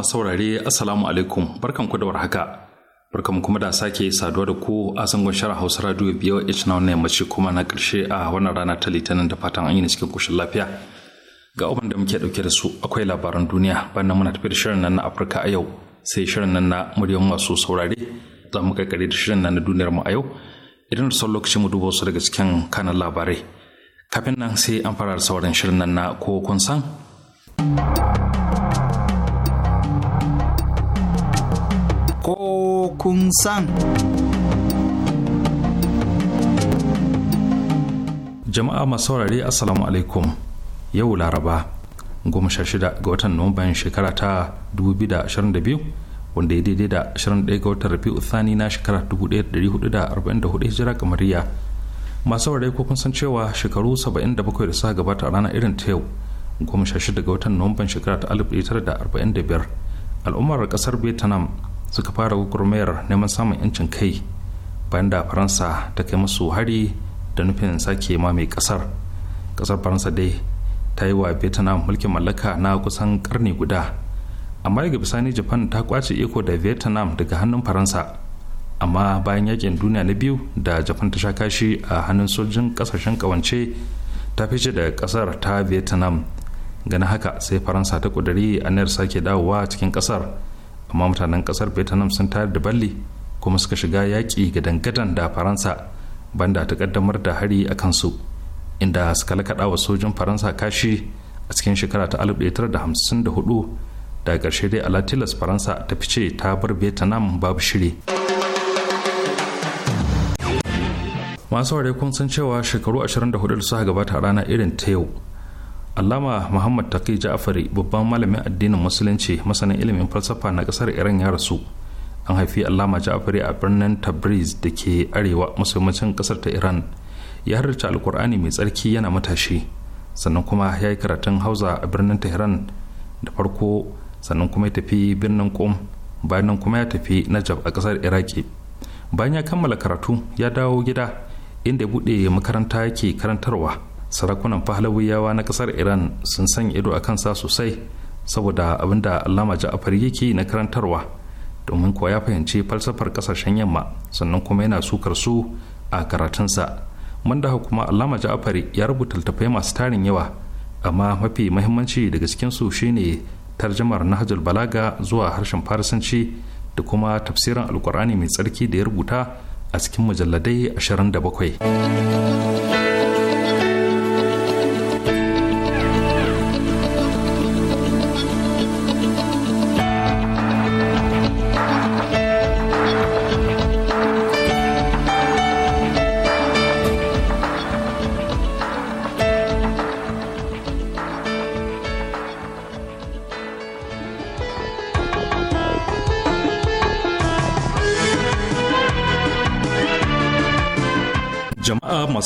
masu saurare assalamu alaikum barkan ku da warhaka barkan kuma da sake saduwa da ku a zangon shara hausa radio biyo h na wannan yammaci kuma na karshe a wannan rana ta litinin da fatan an yi cikin kushin lafiya ga abin da muke dauke da su akwai labaran duniya bayan muna tafi da shirin nan na afirka a yau sai shirin nan na muryan masu saurare za mu kai da shirin nan na duniyar mu a yau idan da son lokaci mu duba wasu daga cikin kanan labarai kafin nan sai an fara sauran shirin nan na ko kun san ko kun san. Jama'a masu Assalamu alaikum yau Laraba goma sha shida ga watan Nuwamban shekara ta 2022 wanda ya daidai da 21 ga watan Rabi'u Thani na shekara 1444 hijira kamariya. Masu saurare ko kun san cewa shekaru 77 da suka gabata a ranar irin ta yau goma sha shida ga watan Nuwamban shekara ta 1945 al'ummar kasar Vietnam suka fara gurmayar neman samun 'yancin kai bayan da faransa ta kai musu hari da nufin sake ma mai kasar kasar faransa dai ta yi wa vietnam mulkin mallaka na kusan karni guda amma yaga bisani japan ta kwace iko da vietnam daga hannun faransa amma bayan yakin duniya na biyu da japan ta sha kashi a hannun sojin kasashen kawance ta fice da kasar ta vietnam ganin haka sai faransa ta kudari aniyar sake dawowa cikin kasar amma mutanen kasar vietnam sun tayar da balli kuma suka shiga yaƙi ga dangadan da faransa banda ta kaddamar da hari a kansu inda suka lakaɗa wa sojin faransa kashi a cikin shekara ta 1954 da ƙarshe dai alatilas faransa ta fice ta bar vietnam babu shiri masu ware kun san cewa shekaru 24 da suka gabata rana irin ta yau allama muhammad Taki ja'afari babban malamin addinin musulunci masanin ilimin falsafa na kasar iran ya rasu an haifi allama ja'afari a birnin tabriz da ke arewa musulmancin kasar ta iran ya harrace alkur'ani mai tsarki yana matashi sannan kuma ya yi karatun hausa a birnin tehran da farko sannan kuma ya tafi birnin qom bayan kuma ya tafi najab a kasar iraki bayan ya kammala karatu ya dawo gida inda ya buɗe makaranta yake karantarwa sarakunan fahlawiyawa na kasar iran sun sanya ido a kansa sosai saboda abin da allama ja'afar yake na karantarwa domin kuwa ya fahimci falsafar kasashen yamma sannan kuma yana sukar su a karatunsa da kuma allama ja'afar ya rubuta littattafai masu tarin yawa amma mafi mahimmanci daga su shine tarjamar nahajar balaga zuwa harshen farisanci da kuma tafsirin alkur'ani mai tsarki da ya rubuta a cikin mujalladai 27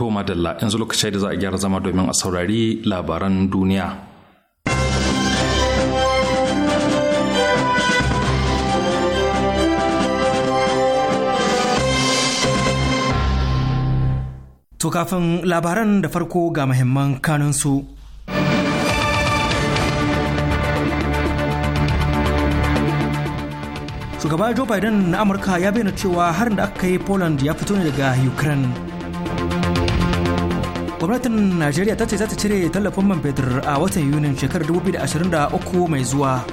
To madalla yanzu lokaci da za a gyara zama domin a saurari labaran duniya. To kafin labaran da farko ga muhimman kanunsu. Shugaba Joe Biden na Amurka ya bayyana cewa harin da aka yi Poland ya fito ne daga Ukraine. gwamnatin najeriya ta ce za ta cire tallafin man fetur a watan yunin shekarar 2023 mai zuwa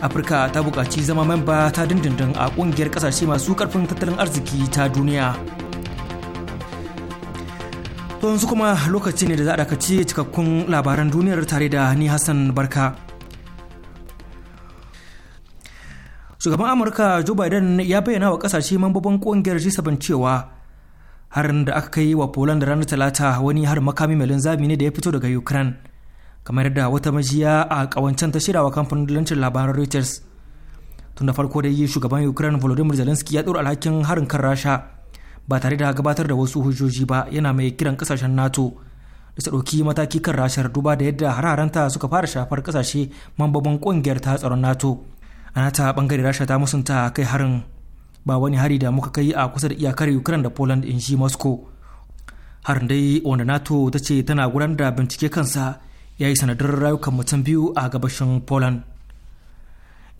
afirka ta buƙaci zama memba ta dindindin a ƙungiyar ƙasashe masu ƙarfin tattalin arziki ta duniya to yanzu kuma lokaci ne da za a dakaci cikakkun labaran duniyar tare da ni hassan barka shugaban amurka joe biden ya bayyana wa ƙasashe mambobin ƙungiyar g7 cewa harin da aka kai wa poland ranar talata wani har makami mai linzami ne da ya fito daga ukraine kamar da wata majiya a kawancen ta shirawa kamfanin dalancin labaran reuters tun da farko da yi shugaban ukraine volodymyr zelensky ya ɗora alhakin harin kan rasha ba tare da gabatar da wasu hujjoji ba yana mai kiran kasashen nato da su mataki kan rashar duba da yadda hararanta suka fara shafar kasashe mambobin ƙungiyar ta tsaron nato a nata bangare rasha ta musunta kai harin ba wani hari da muka kai a kusa da iyakar ukraine da poland in shi moscow har dai wanda nato ta ce tana gudanar da bincike kansa ya yi sanadar rayukan mutum biyu a gabashin poland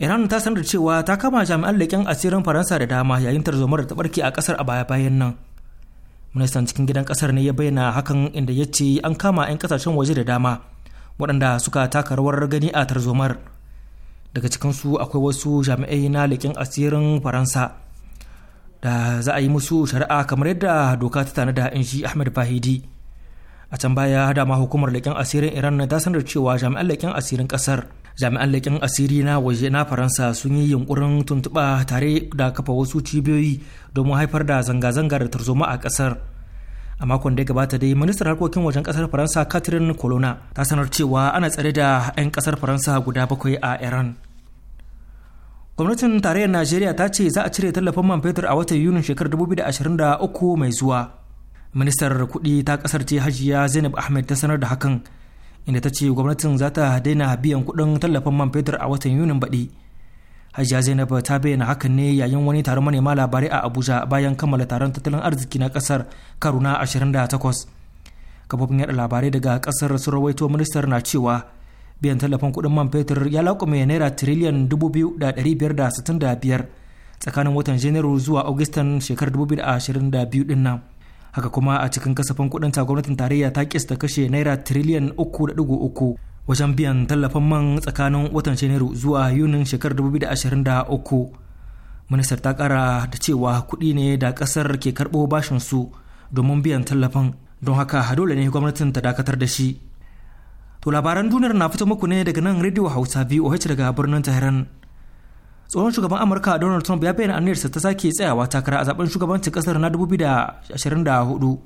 iran ta sanar da cewa ta kama jami'an leƙen asirin faransa da dama yayin tarzomar da ta barke a kasar a baya-bayan nan ministan cikin gidan kasar ne ya bayyana hakan inda ya ce an kama 'yan kasashen waje da dama waɗanda suka taka rawar gani a tarzomar daga cikinsu akwai wasu jami'ai na leƙen asirin faransa da za a yi musu shari'a kamar yadda doka ta tanada in shi ahmed bahidi a can baya dama hukumar leƙen asirin iran ta sanar cewa jami'an leƙen asirin ƙasar jami'an leƙen asiri na waje na faransa sun yi yunkurin tuntuɓa tare da kafa wasu cibiyoyi don haifar da zanga-zangar tarzoma a ƙasar a makon da ya gabata dai ministan harkokin wajen ƙasar faransa catherine colonna ta sanar cewa ana tsare da 'yan ƙasar faransa guda bakwai a iran gwamnatin tarayyar najeriya ta ce za a cire tallafin man fetur a watan yunin shekarar 2023 mai zuwa ministar kuɗi ta kasar ce hajiya zainab ahmed ta sanar da hakan inda ta ce gwamnatin za ta daina biyan kuɗin tallafin man fetur a watan yunin baɗi hajiya zainab ta bayyana hakan ne yayin wani taron manema labarai a abuja bayan kammala taron tattalin arziki na kasar karuna na 28 kafofin yaɗa labarai daga kasar sun rawaito ministar na cewa biyan tallafin kuɗin man fetur ya laƙume naira tiriliyan 2,565 tsakanin watan janairu zuwa augustan shekarar 2022 din nan haka kuma a cikin kasafin kuɗin ta gwamnatin tarayya ta kista kashe naira tiriliyan 3.3 wajen biyan tallafin man tsakanin watan janairu zuwa yunin shekarar 2023 ministar ta kara da cewa kuɗi ne da kasar ke karɓo bashin su domin biyan tallafin don haka dole ne gwamnatin ta dakatar da shi To labaran duniyar na fito muku ne daga nan Radio Hausa VOH daga birnin Tehran. Tsohon shugaban Amurka Donald Trump ya bayyana aniyarsa ta sake tsayawa takara a zaben shugabancin kasar na 2024.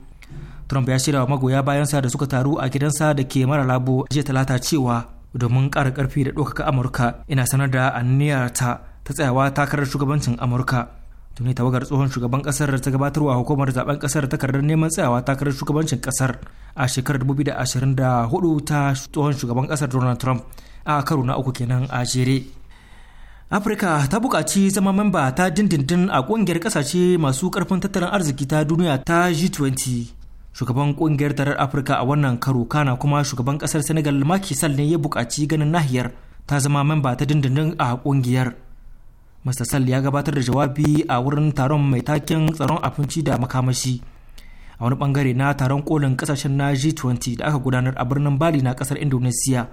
Trump ya shirya wa magoya bayansa da suka taru a gidansa da ke mara labo jiya talata cewa domin kara karfi da ɗaukaka Amurka ina sanar da aniyarta ta tsayawa takarar shugabancin Amurka. tuni tawagar tsohon shugaban kasar ta gabatarwa hukumar zaben kasar takardar neman tsayawa takarar shugabancin kasar a shekarar hudu ta tsohon shugaban kasar donald trump a karo na uku kenan a jere afirka ta buƙaci zama memba ta dindindin a ƙungiyar ƙasashe masu ƙarfin tattalin arziki ta duniya ta g20 shugaban ƙungiyar tarar afirka a wannan karo kana kuma shugaban ƙasar senegal Macky Sall ne ya buƙaci ganin nahiyar ta zama memba ta dindindin a ƙungiyar Mr. Sall ya gabatar da jawabi a wurin taron mai taken tsaron abinci da makamashi. A wani bangare na taron kolin kasashen na G20 da aka gudanar a birnin Bali na kasar Indonesia.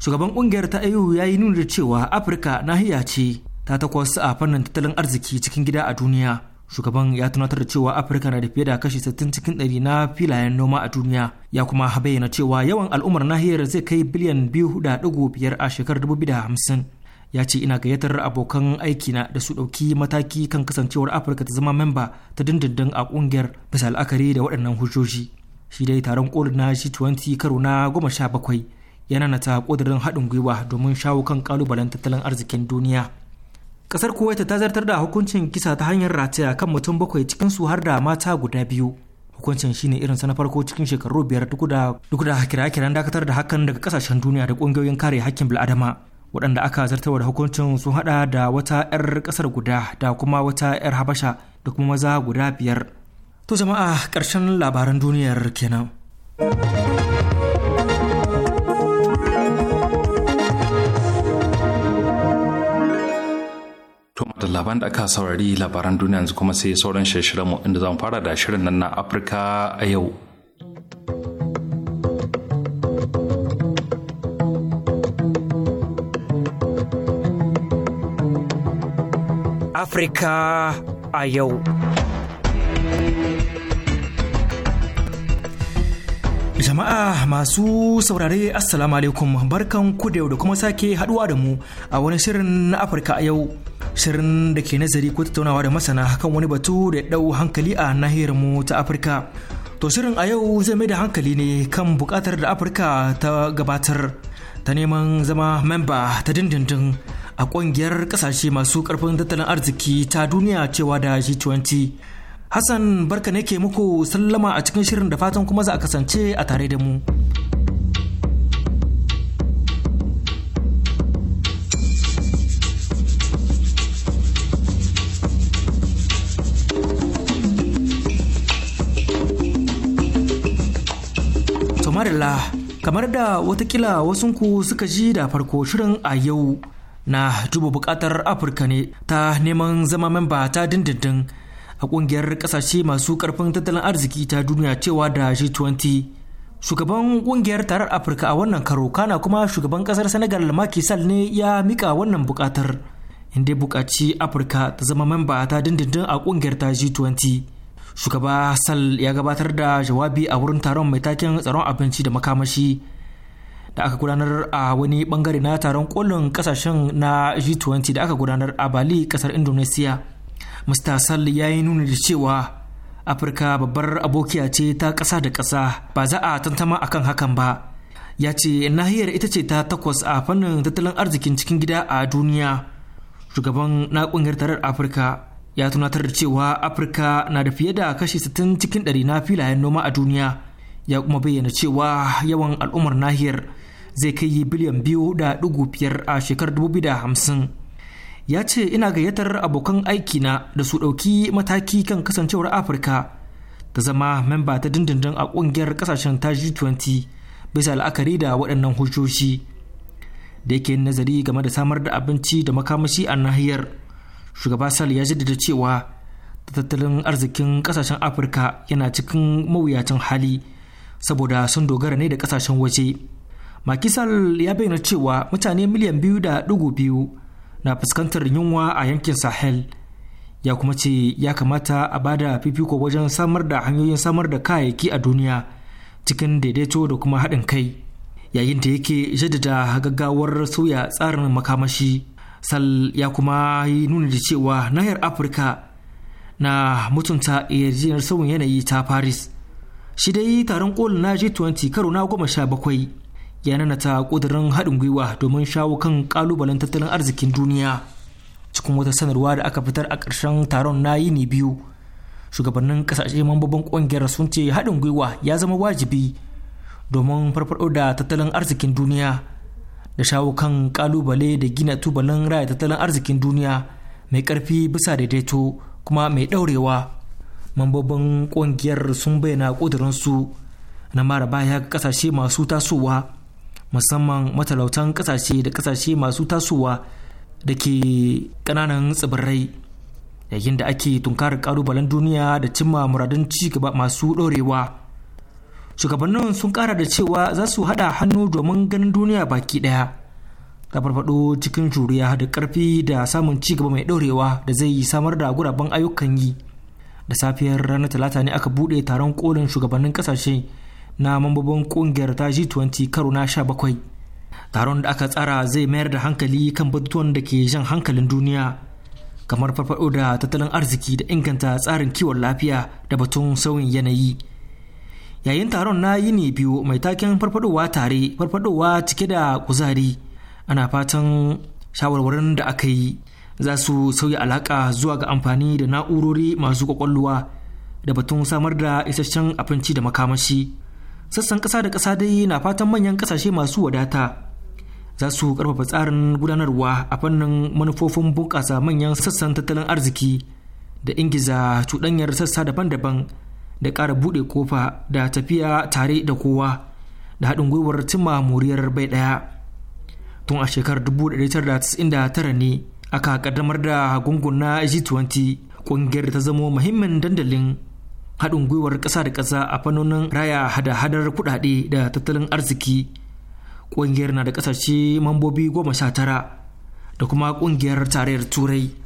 Shugaban kungiyar ta AU ya yi nuna da cewa Afirka nahiya ce ta takwas a fannin tattalin arziki cikin gida a duniya. Shugaban ya tunatar da cewa Afirka na da fiye da kashi 60 cikin ɗari na filayen noma a duniya. Ya kuma bayyana cewa yawan al'ummar nahiyar zai kai biliyan 2.5 a shekarar 2050. ya ce ina gayyatar abokan aikina da su ɗauki mataki kan kasancewar afirka ta zama memba ta dindindin a ƙungiyar bisa la'akari da waɗannan hujjoji shi dai taron kolin na g20 karo na goma sha bakwai ya nanata ƙudurin haɗin gwiwa domin shawo kan ƙalubalen tattalin arzikin duniya ƙasar kuwait ta zartar da hukuncin kisa ta hanyar rataya kan mutum bakwai cikin su har da mata guda biyu hukuncin shine irin sa na farko cikin shekaru biyar duk da kira-kiran dakatar da hakan daga kasashen duniya da ƙungiyoyin kare hakkin bil'adama waɗanda aka zartawa da hukuncin sun haɗa da wata 'yar ƙasar guda da kuma wata 'yar habasha da kuma maza guda biyar to jama'a ƙarshen labaran duniyar kenan To da labaran da aka saurari labaran duniya yanzu kuma sai sauran shirye-shiryenmu inda zan fara da shirin nan na Afirka a yau. Afirka a yau. Jama'a masu saurare Assalamu alaikum barkan ku da yau da kuma sake haduwa da mu a wani shirin na Afirka a yau. Shirin da ke nazari ko tattaunawa da masana kan wani batu da ya dau hankali a nahiyar mu ta Afirka. To shirin a yau zai mai da hankali ne kan bukatar da Afirka ta gabatar ta neman zama memba ta dindindin a ƙungiyar ƙasashe masu ƙarfin tattalin arziki ta duniya cewa da G20. Hassan barka ne ke muku sallama a cikin shirin da fatan kuma za a kasance a tare da mu. Tomarilla kamar da watakila wasunku suka ji da farko shirin a yau na duba bukatar afirka ne ta neman zama memba ta dindindin a kungiyar kasashe masu karfin tattalin arziki ta duniya cewa da g20 shugaban kungiyar tarar afirka a wannan karo kana kuma shugaban kasar senegal Macky Sall ne ya mika wannan bukatar inda bukaci afirka ta zama memba ta dindindin a kungiyar ta g20 shugaba sal ya gabatar da jawabi a wurin taron mai taken tsaron abinci da makamashi da aka gudanar a wani bangare na taron kolin kasashen na G20 da aka gudanar a Bali kasar Indonesia. Mr. Sall ya yi nuni da cewa Afirka babbar abokiya ce ta kasa da kasa ba za a tantama akan hakan ba. Ya ce nahiyar ita ce ta takwas a fannin tattalin arzikin cikin gida a duniya. Shugaban na kungiyar tarar Afirka ya tunatar da cewa afirka na da fiye da kashi 60 cikin ɗari na filayen noma a duniya ya kuma bayyana cewa yawan al'ummar nahiyar zai kai yi biliyan biyu da ɗigo biyar a shekarar dubu da hamsin ya ce ina gayyatar abokan aikina da su ɗauki mataki kan kasancewar afirka ta zama memba ta dindindin a ƙungiyar ƙasashen ta g20 bisa la'akari da waɗannan hujjoji da yake nazari game da samar da abinci da makamashi a nahiyar shugaba sal ya jaddada cewa tattalin arzikin kasashen afirka yana cikin mawuyacin hali saboda sun dogara ne da kasashen waje makisal ya bayyana cewa mutane miliyan biyu da dugu biyu na fuskantar yunwa a yankin sahel ya kuma ce ya kamata a bada fifiko wajen samar da hanyoyin samar da kayayyaki a duniya cikin daidaito da kuma haɗin kai yayin da yake jaddada gaggawar sauya tsarin makamashi sal ya kuma yi nuna da cewa nahiyar afirka na mutunta yarjejeniyar sauyin yanayi ta paris shi dai taron kolin na g20 karo na goma sha bakwai ya nanata ƙudurin haɗin gwiwa domin shawo kan ƙalubalen tattalin arzikin duniya cikin wata sanarwa da aka fitar a ƙarshen taron na yini biyu shugabannin ƙasashe mambobin ƙungiyar sun ce haɗin gwiwa ya zama wajibi domin farfaɗo da tattalin arzikin duniya da shawo kan ƙalubale da gina tubalin raya tattalin arzikin duniya mai ƙarfi bisa daidaito kuma mai ɗaurewa mambobin ƙungiyar sun bayyana su na mara baya ga ƙasashe masu tasowa musamman matalautan kasashe da kasashe masu tasowa da ke kananan tsibirai yayin da ake tunkarar kalubalen duniya da cimma muradun ci gaba masu ɗorewa shugabannin sun kara da cewa za su hada hannu domin ganin duniya baki ɗaya ta farfado cikin juriya da karfi da samun ci gaba mai ɗorewa da zai samar da guraben ayyukan yi da safiyar ranar talata ne aka buɗe taron kolin shugabannin kasashe. na mambobin kungiyar ta G20 karo na 17. Taron da aka tsara zai mayar da hankali kan batutuwan da ke jan hankalin duniya kamar farfaɗo da tattalin arziki da inganta tsarin kiwon lafiya da batun sauyin yanayi. Yayin taron na yi ne biyu mai taken farfadowa tare farfadowa cike da kuzari ana fatan shawarwarin da aka yi za su sauya alaƙa zuwa ga amfani da na'urori masu kwakwalwa da batun samar da isasshen abinci da makamashi. sassan ƙasa da ƙasa dai na fatan manyan ƙasashe masu wadata za su ƙarfafa tsarin gudanarwa a fannin manufofin bunƙasa manyan sassan tattalin arziki da ingiza cuɗanyar sassa daban-daban da ƙara buɗe kofa da tafiya tare da kowa da haɗin gwiwar cimma moriyar bai ɗaya tun a shekarar 1999 ne aka ƙaddamar da gungun na g20 ƙungiyar ta zamo muhimmin dandalin haɗin gwiwar ƙasa da ƙasa a fannonin raya hada-hadar kuɗaɗe da tattalin arziki ƙungiyar na da ƙasashe mambobi goma sha tara da kuma ƙungiyar tarayyar turai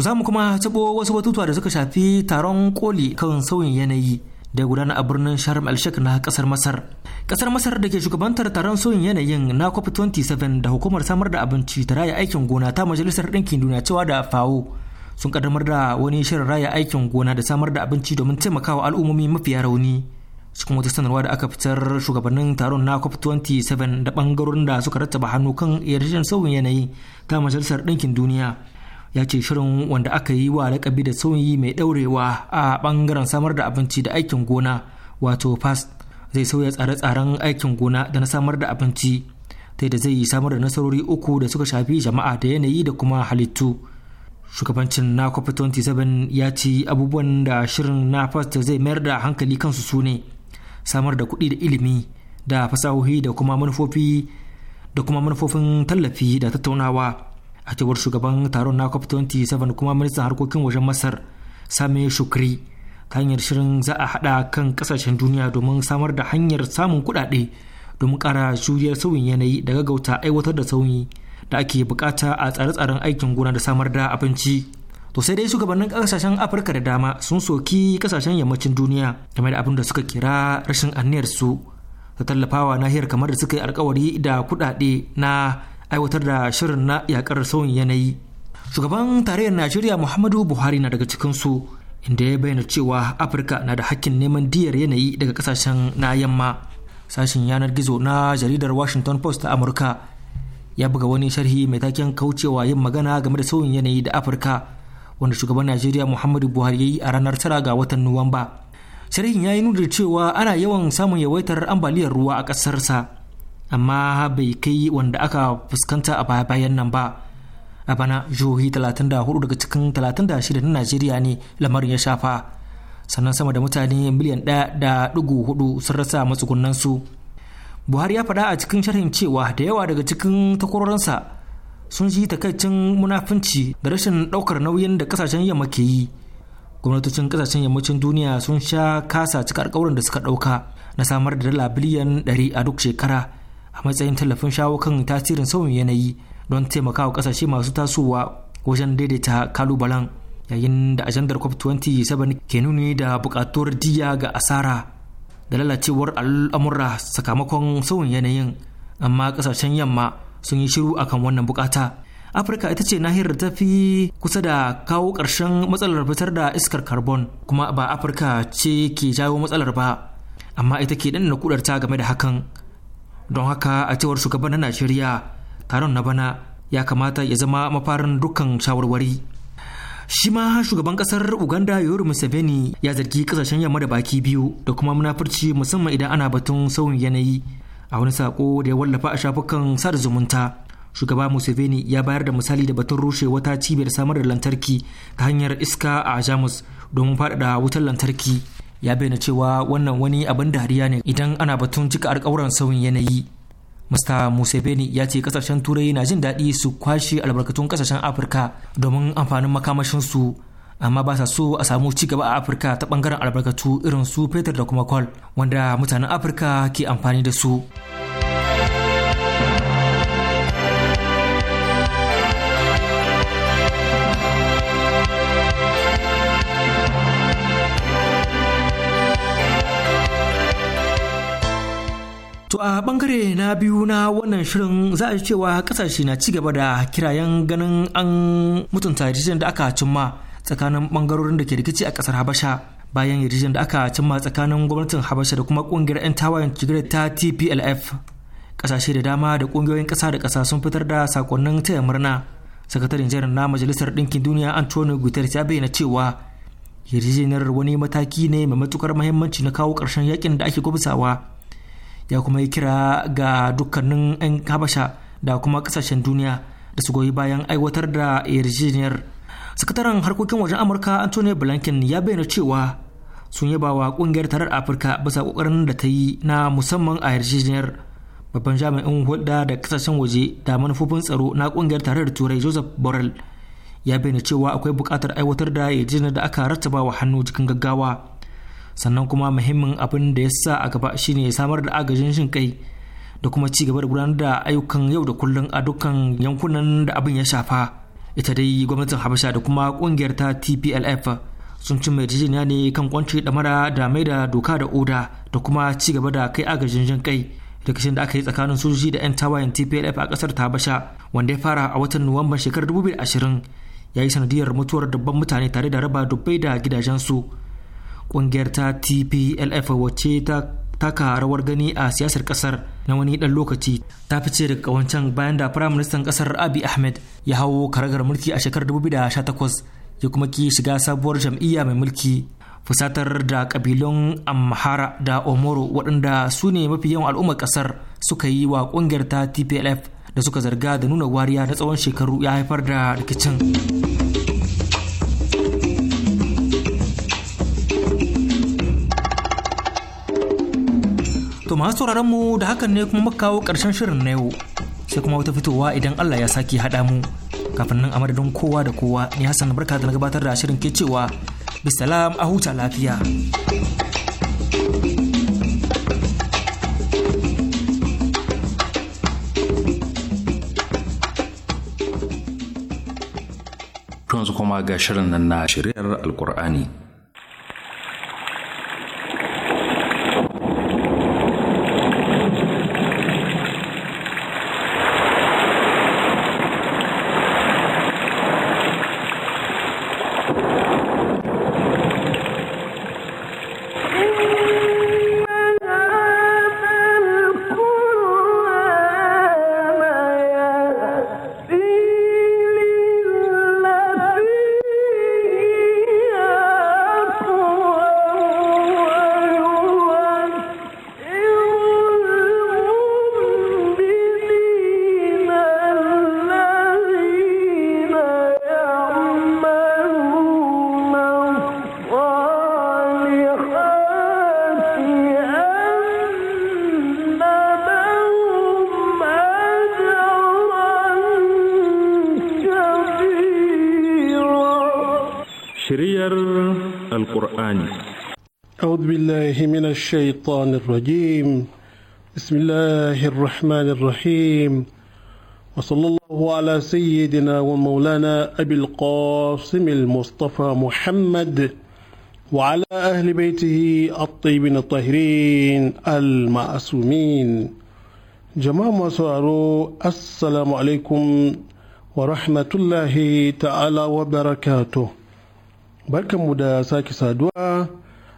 To mu kuma tabo wasu batutuwa da suka shafi taron koli kan sauyin yanayi da gudana a birnin Sharm el Sheikh na kasar Masar. Kasar Masar da ke shugabantar taron sauyin yanayin na COP27 da hukumar samar da abinci ta raya aikin gona ta Majalisar Ɗinkin Duniya cewa da FAO sun kaddamar da wani shirin raya aikin gona da samar da abinci domin taimakawa al'ummomi mafiya rauni. Cikin wata sanarwa da aka fitar shugabannin taron na COP27 da bangarorin da suka rattaba hannu kan yarjejen sauyin yanayi ta Majalisar Ɗinkin Duniya. ya ce shirin wanda aka yi wa lakabi da sauyi mai daurewa a bangaren samar da abinci da aikin gona wato fast zai sauya tsare-tsaren aikin gona da na samar da abinci ta da zai samar da nasarori uku da suka shafi jama'a da yanayi da kuma halittu shugabancin na cop 27 ya ce abubuwan da shirin na fast zai mayar da hankali kansu su ne samar da kuɗi da ilimi da fasahohi da da kuma manufofin tallafi da tattaunawa a shugaban taron na cop 27 kuma ministan harkokin wajen masar sami shukri ta hanyar shirin za a haɗa kan kasashen duniya domin samar da hanyar samun kuɗaɗe domin kara juriyar sauyin yanayi da gaggauta aiwatar da sauyi da ake bukata a tsare-tsaren aikin gona da samar da abinci to sai dai shugabannin ƙasashen afirka da dama sun soki kasashen yammacin duniya game da abin da suka kira rashin anniyar su ta tallafawa nahiyar kamar da suka yi alkawari da kuɗaɗe na aiwatar da shirin na yakar sauyin yanayi shugaban tarayyar najeriya muhammadu buhari na daga cikinsu inda ya bayyana cewa afirka na da hakkin neman diyar yanayi daga kasashen na yamma sashen yanar gizo na jaridar washington post ta amurka ya buga wani sharhi mai taken kaucewa yin magana game da sauyin yanayi da afirka wanda shugaban najeriya muhammadu buhari ya yi a ranar tara ga watan nuwamba sharhin ya yi nuna cewa ana yawan samun yawaitar ambaliyar ruwa a ƙasarsa amma bai kai wanda aka fuskanta a baya bayan nan ba a bana jihohi 34 daga cikin 36 na najeriya ne lamarin ya shafa sannan sama da mutane miliyan 1.4 sun rasa matsugunansu buhari ya faɗa a cikin sharhin cewa da yawa daga cikin takwarorinsa sun ji takaicin munafunci da rashin ɗaukar nauyin da kasashen yamma ke yi gwamnatocin kasashen yammacin duniya sun sha kasa cika alkawarin da suka ɗauka na samar da dala biliyan 100 a duk shekara a matsayin tallafin shawo kan tasirin sauyin yanayi don taimakawa kasashe masu tasowa wajen daidaita kalubalen yayin da ajandar cop 27 ke nuni da bukatuwar diya ga asara da lalacewar al'amura sakamakon sauyin yanayin amma kasashen yamma sun yi shiru akan wannan bukata afirka ita ce nahiyar ta fi kusa da kawo ƙarshen matsalar fitar da iskar carbon kuma ba afirka ce ke jawo matsalar ba amma ita ke ɗanɗana kudarta game da hakan don haka a cewar shugaban na najeriya taron na bana ya kamata ya zama mafarin dukkan shawarwari shi ma shugaban kasar uganda yoru museveni ya zargi kasashen yamma da baki biyu da kuma munafurci musamman idan ana batun sauyin yanayi a wani sako da ya wallafa a shafukan sada zumunta shugaba museveni ya bayar da misali da batun rushe wata cibiyar samar da lantarki ta hanyar iska a jamus domin faɗaɗa wutar lantarki ya bayyana cewa wannan wani abin dariya ne idan ana batun cika alkawuran sauyin yanayi Mr. Museveni ya ce kasashen turai na jin daɗi su kwashe albarkatun kasashen Afirka domin amfanin makamashinsu amma ba sa so a samu ci gaba a Afirka ta bangaren albarkatu irin su fetur da kuma kwal wanda mutanen Afirka ke amfani da su. To a bangare na biyu na wannan shirin za a cewa kasashe na ci gaba da kirayen ganin an mutunta yarjejen da aka cimma tsakanin bangarorin da ke rikici a kasar Habasha bayan yarjejen da aka cimma tsakanin gwamnatin Habasha da kuma kungiyar 'yan tawayen Tigray ta TPLF. Kasashe da dama da kungiyoyin kasa da kasa sun fitar da sakonnin taya murna. Sakataren jiran na Majalisar Ɗinkin Duniya Antonio Guterres ya bayyana cewa yarjejenar wani mataki ne mai matukar muhimmanci na kawo ƙarshen yakin da ake gwabzawa ya kuma yi kira ga dukkanin 'yan habasha da kuma kasashen duniya da su goyi bayan aiwatar da yarjejeniyar sakataren harkokin wajen amurka antonio blinken ya bayyana cewa sun yaba wa kungiyar tarar afirka bisa kokarin da ta yi na musamman a yarjejeniyar babban jami'in hulɗa da kasashen waje da manufofin tsaro na kungiyar tarar turai joseph borrell ya bayyana cewa akwai buƙatar aiwatar da yarjejeniyar da aka rattaba wa hannu cikin gaggawa sannan kuma muhimmin abin da ya sa a gaba shine samar da agajin shin kai da kuma ci gaba da gudanar da ayyukan yau da kullum a dukkan yankunan da abin ya shafa ita dai gwamnatin habasha da kuma kungiyar ta tplf sun ci mai jijiya ne kan kwanci damara da mai da doka da oda da kuma ci gaba da kai agajin jin kai rikicin da aka yi tsakanin sojoji da 'yan tawayen tplf a kasar ta habasha wanda ya fara a watan nuwamban shekarar 2020 ya yi sanadiyar mutuwar dubban mutane tare da raba dubbai da gidajensu kungiyar ta tplf wacce ta taka rawar gani a siyasar kasar na wani dan lokaci ta fice daga kawancan bayan da firayim ministan kasar abi ahmed ya hawo karagar mulki a shekarar 2018 ya kuma ki shiga sabuwar jam'iyya mai mulki fusatar da kabilun amhara da omoro waɗanda su ne mafi yawan al'ummar kasar suka yi wa kungiyar ta tplf da suka zarga da nuna wariya na tsawon shekaru ya haifar da rikicin To masu sauraron mu da hakan ne kuma kawo ƙarshen shirin na yau sai kuma wata fitowa idan Allah ya sake haɗa mu kafin nan a madadin kowa da kowa ni Hassan barka da na gabatar da shirin ke cewa bisalam a huta lafiya. yanzu kuma ga shirin nan na shiriyar alƙur'ani. الشيطان الرجيم بسم الله الرحمن الرحيم وصلى الله على سيدنا ومولانا أبي القاسم المصطفى محمد وعلى أهل بيته الطيبين الطاهرين المعصومين جماعة مسوارو السلام عليكم ورحمة الله تعالى وبركاته بركة مدى sake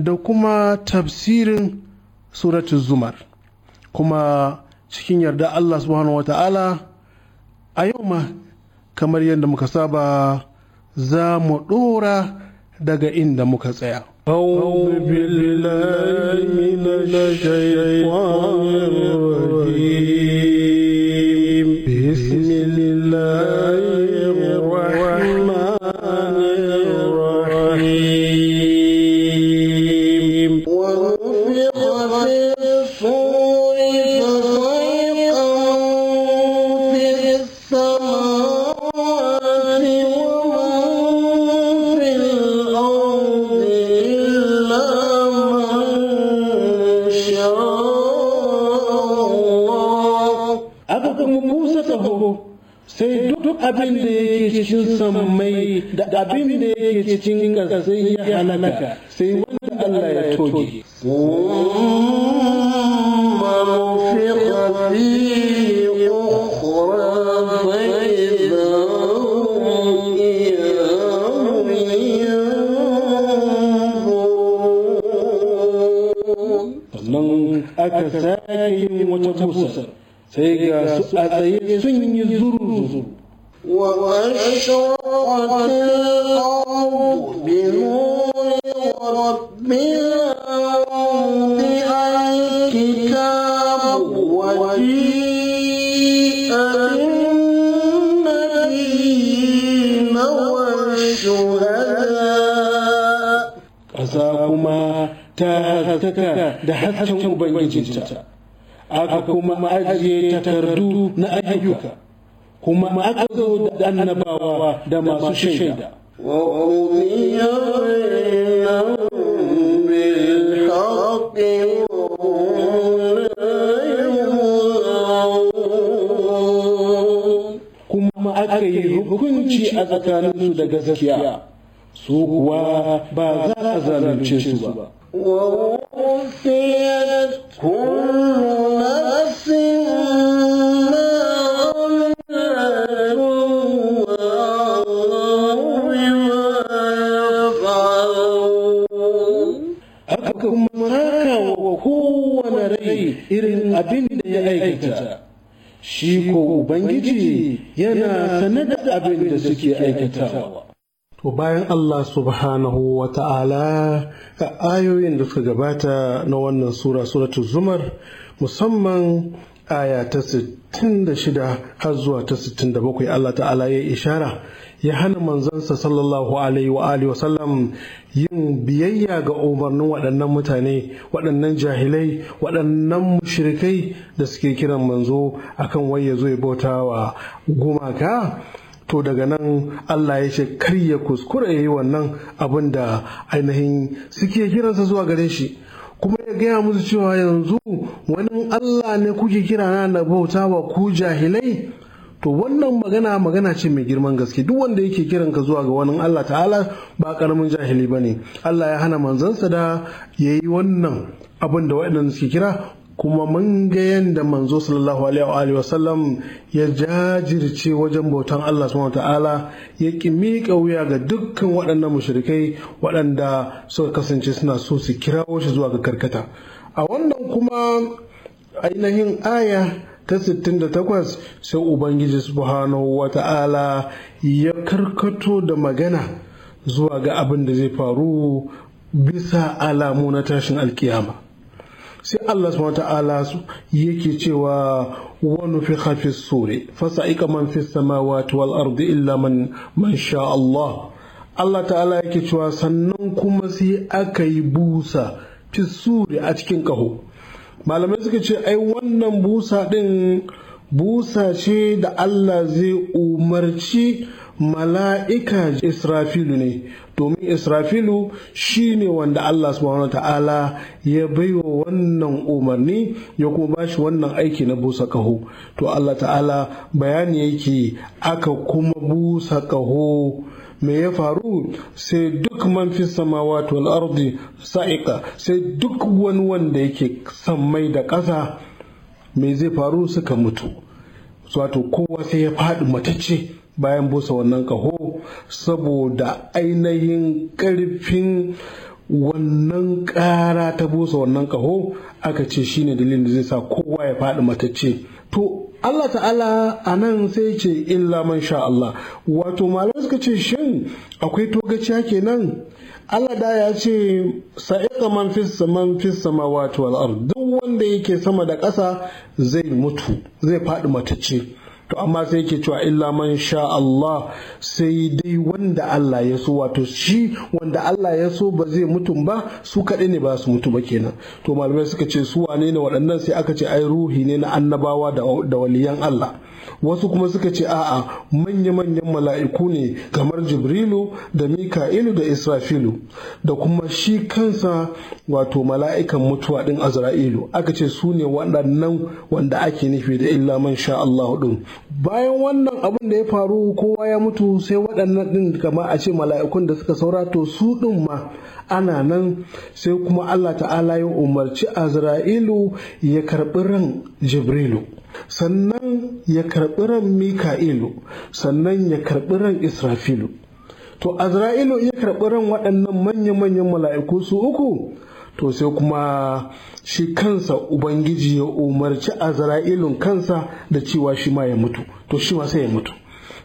da kuma tafsirin suratun zumar kuma cikin yarda Allah subhanahu wata'ala a yau ma kamar yadda muka saba za mu ɗora daga inda muka tsaya أعوذ بالله abin da yake cikin samai da abin da yake cikin ƙasai ya halaka sai wanda Allah ya toge. aka sake yin wata busa sai ga su a tsaye sun yi zuru-zuru. وأشرقت الأرض بنور ربها ووضع الكتاب وجيء بالنبيين والشهداء أزاكما تاهتك دحتهم بين جنتا أكما أجيت تردو نأيك kuma aka zo da annabawa da masu shaida kuma aka yi hukunci a tsakaninsu da gaskiya su kuwa ba za a zalunce su ba. irin abin da ya aikata shi ko ubangiji yana sanar da abin da suke aikatawa to bayan Allah subhanahu wa ta'ala a ayoyin da suka gabata na wannan sura suratu zumar musamman aya ta 66 har zuwa ta 67 Allah ta'ala ya ishara ya hana manzansa sallallahu alaihi wa alihi yin biyayya ga umarnin waɗannan mutane waɗannan jahilai waɗannan mushirikai da suke kiran manzo akan wai ya zo ya bauta wa gumaka to daga nan Allah ya ce kar ya kuskura ya wannan abin da ainihin suke kiransa zuwa gare shi kuma ya gaya musu cewa yanzu wani Allah ne kuke kira na bauta wa ku jahilai to wannan magana magana ce mai girman gaske duk wanda yake kiran ka zuwa ga wani Allah ta'ala ba karamin jahili ba ne. Allah ya hana manzansa da yayi wannan abin da waɗannan suke kira kuma mun ga yadda manzo sallallahu alaihi wa sallam ya jajirce wajen bautan Allah subhanahu ta'ala ya ki miƙa wuya ga dukkan waɗannan mushrikai waɗanda suka kasance suna so su kirawo shi zuwa ga karkata a wannan kuma ainihin aya ta 68 sai ubangiji subhanahu wata'ala ya karkato da magana zuwa ga abin da zai faru bisa alamu na tashin alkiyama sai Allah subhanahu wata'ala yake cewa wani fi hafi sore fasa ika man fi samawati wal ardi illa man sha Allah Allah ta'ala yake cewa sannan kuma sai aka yi busa fi sure a cikin kaho. malamai suka ce ai wannan busa ɗin busa ce da Allah zai umarci mala'ika Israfilu ne domin Israfilu shi ne wanda Allah subhanahu ta'ala ya baiwa wannan umarni ya kuma ba shi wannan aiki na busa kaho to Allah ta'ala bayani yake aka kuma busa kaho me ya faru sai duk man fi sama, wal ardi sa'iqa sai duk wani wanda yake sammai da ƙasa me zai faru suka mutu wato kowa sai ya faɗi matacce bayan busa wannan ƙaho saboda ainihin ƙarfin wannan ƙara ta busa wannan ƙaho aka ce shine dalilin da zai sa kowa ya faɗi matacce to Allah ta'ala a nan sai ce illa man sha Allah wato malamai suka ce shin akwai togaci togaciya kenan Allah da ya ce sa'iqa man fis man fis samawati wal ard duk wanda yake sama da ƙasa zai mutu zai faɗi matacce to amma sai yake cewa illa man sha Allah sai dai wanda Allah ya so wato shi wanda Allah ya so ba zai mutum ba su kaɗai ne ba su mutu ba kenan to malamai suka ce su wane ne waɗannan sai aka ce ai ruhi ne na annabawa da waliyan Allah wasu kuma suka ce a'a manya-manyan mala'iku ne kamar jibrilu da mika'ilu da israfilu da kuma shi kansa wato mala'ikan mutuwa ɗin azra'ilu aka ce su ne waɗannan wanda ake nufi da illa man sha Allah ɗin bayan wannan abin da ya faru kowa ya mutu sai waɗannan ɗin kama a ce mala'ikun da suka saura to su ɗin ma ana nan sai kuma Allah ta'ala ya umarci Azra'ilu ya karɓi ran Jibrilu sannan ya karɓi ran Mika'ilu sannan ya karɓi ran Israfilu to Azra'ilu ya karɓi ran waɗannan manya-manyan mala'iku su uku to sai kuma shi kansa ubangiji ya umarci azra'ilun kansa da cewa shi ma ya mutu to shi ma sai ya mutu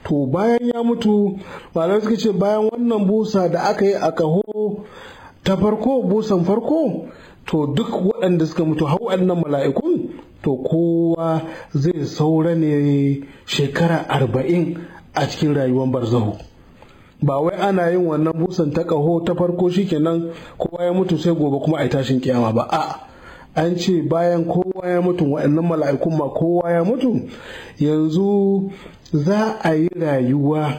to bayan ya mutu malamai suka ce bayan wannan busa da aka yi a kaho ta farko busan farko to duk waɗanda suka mutu hau nan mala'ikun to kowa zai saura ne shekara arba'in a cikin rayuwar barzahu. ba wai ana yin wannan busan ta kaho ta farko shi shikenan kowa ya mutu sai gobe kuma a yi tashin kiyama ba a an ce bayan kowa ya mutu waɗannan mala'ikun ma kowa ya mutu yanzu za a yi rayuwa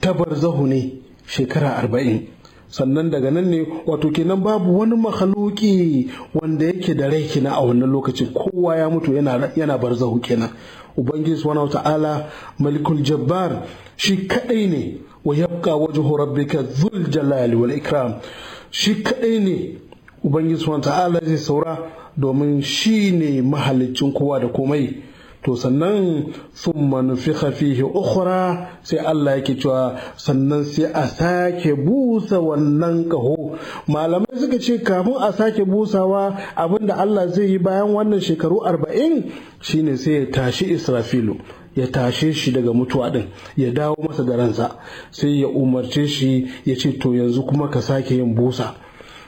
ta barzahu ne shekara arba'in sannan daga nan ne wato kenan babu wani makhaluki wanda yake da rai kenan a wannan lokacin kowa ya mutu yana barzahu kenan ubangiji subhanahu wata'ala malikul jabbar shi kadai ne wa yabqa wajhu rabbika dhul jalali wal ikram shi kadai ne ubangiji subhanahu ta'ala zai saura domin shi ne mahaliccin kowa da komai to sannan sun manufi fihi ukhra sai Allah yake cewa sannan sai a sake busa wannan kaho malamai suka ce kafin a sake busawa abinda Allah zai yi bayan wannan shekaru arba'in shine sai ya tashi Israfilu ya tashe shi daga mutuwa din ya dawo masa da ransa sai ya umarce shi ya ce to yanzu kuma ka sake yin busa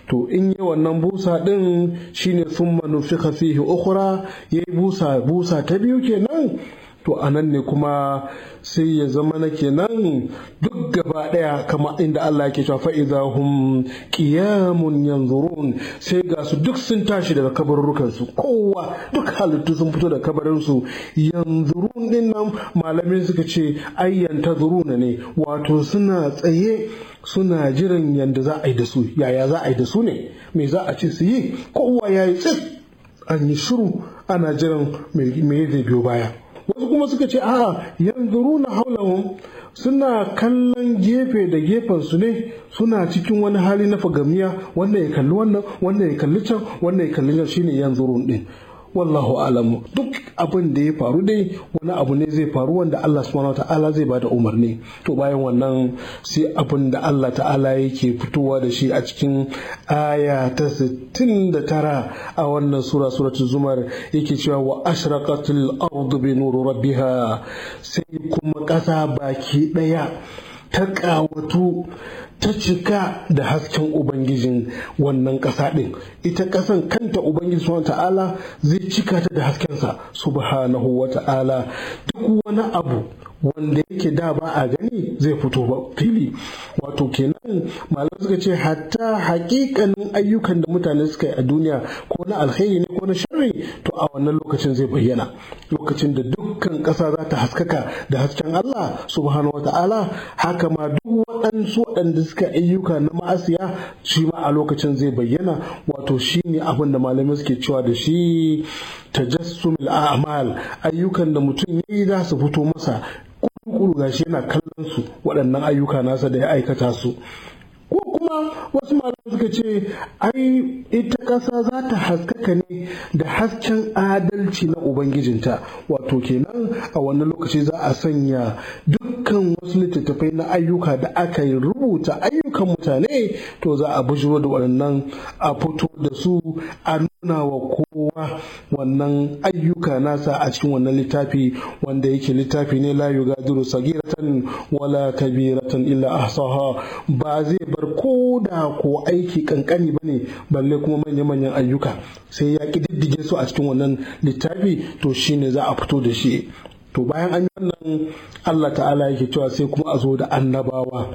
to in yi wannan busa din shine sun manufi fihi ukura ya yi busa busa ta biyu kenan to anan nan ne kuma sai ya zama na kenan duk gaba daya kamar inda Allah yake cewa fa'iza hum qiyamun yanzurun sai ga su duk sun tashi daga kabarurukan su kowa duk halittu sun fito da kabarin su yanzurun din nan malamin suka ce ayyan tazuruna ne wato suna tsaye suna jiran yanda za a yi da su yaya za a yi da su ne me za a ce su yi kowa yayi tsit an yi shiru ana jiran me zai biyo baya wasu kuma suka ce a'a na haulahum suna kallon gefe da gefen su ne suna cikin wani hali na fagamiya wanda ya kalli wannan wanda ya kalli can wanda ya kalli can shine yanzurun din wallahu alamu duk abin da ya faru dai wani abu ne zai faru wanda Allah subhanahu ta'ala zai bada umarni to bayan wannan sai abin da Allah ta'ala yake fitowa da shi a cikin aya ta sittin da tara. a wannan sura suratul zumar yake cewa wa ashraqatil ardu bi nuri rabbiha sai kuma ƙasa baki ɗaya ta ƙawatu ta cika da hasken ubangijin wannan ƙasa ɗin ita ƙasan kanta ubangiji subhanahu ta'ala zai cika ta da haskensa subhanahu wa ta'ala duk wani abu wanda yake da ba a gani zai fito ba fili wato kenan malam suka ce hatta hakikanin ayyukan da mutane suka yi a duniya ko na alheri ne ko na sharri to a wannan lokacin zai bayyana lokacin da duk dukkan ƙasa za ta haskaka da hasken Allah subhanahu wa ta'ala haka ma duk waɗansu waɗanda suka ayyuka na ma'asiya shi ma a lokacin zai bayyana wato shi ne abin da malamai suke cewa da shi tajassumul a'mal ayyukan da mutum ya yi za su fito masa kuru gashi yana kallon su waɗannan ayyuka nasa da ya aikata su ko kuma wasu malamai suka ce ai ita ƙasa za ta haskaka ne da hasken adalci na ubangijinta wato kenan a wannan lokaci za a sanya dukkan wasu littattafai na ayyuka da aka yi rubuta ayyukan mutane to za a bujiro da waɗannan a fito da su a nuna wa kowa wannan ayyuka nasa a cikin wannan littafi wanda yake littafi ne la yugadiru sagiratan wala kabiratan illa ahsaha ba zai bar ko da ko aiki kankani bane balle kuma manya-manyan ayyuka sai ya ƙididdige su a cikin wannan littafi to shine za a fito da shi to bayan an yi wannan Allah ta'ala yake cewa sai kuma a zo da annabawa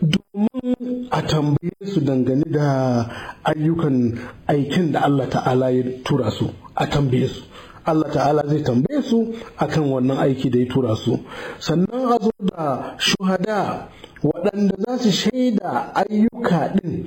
domin a tambaye su dangane da ayyukan aikin da Allah ta'ala ya tura su a tambaye su Allah ta'ala zai tambaye su akan wannan aiki da ya tura su sannan a zo da shuhada waɗanda za su shaida ayyuka ɗin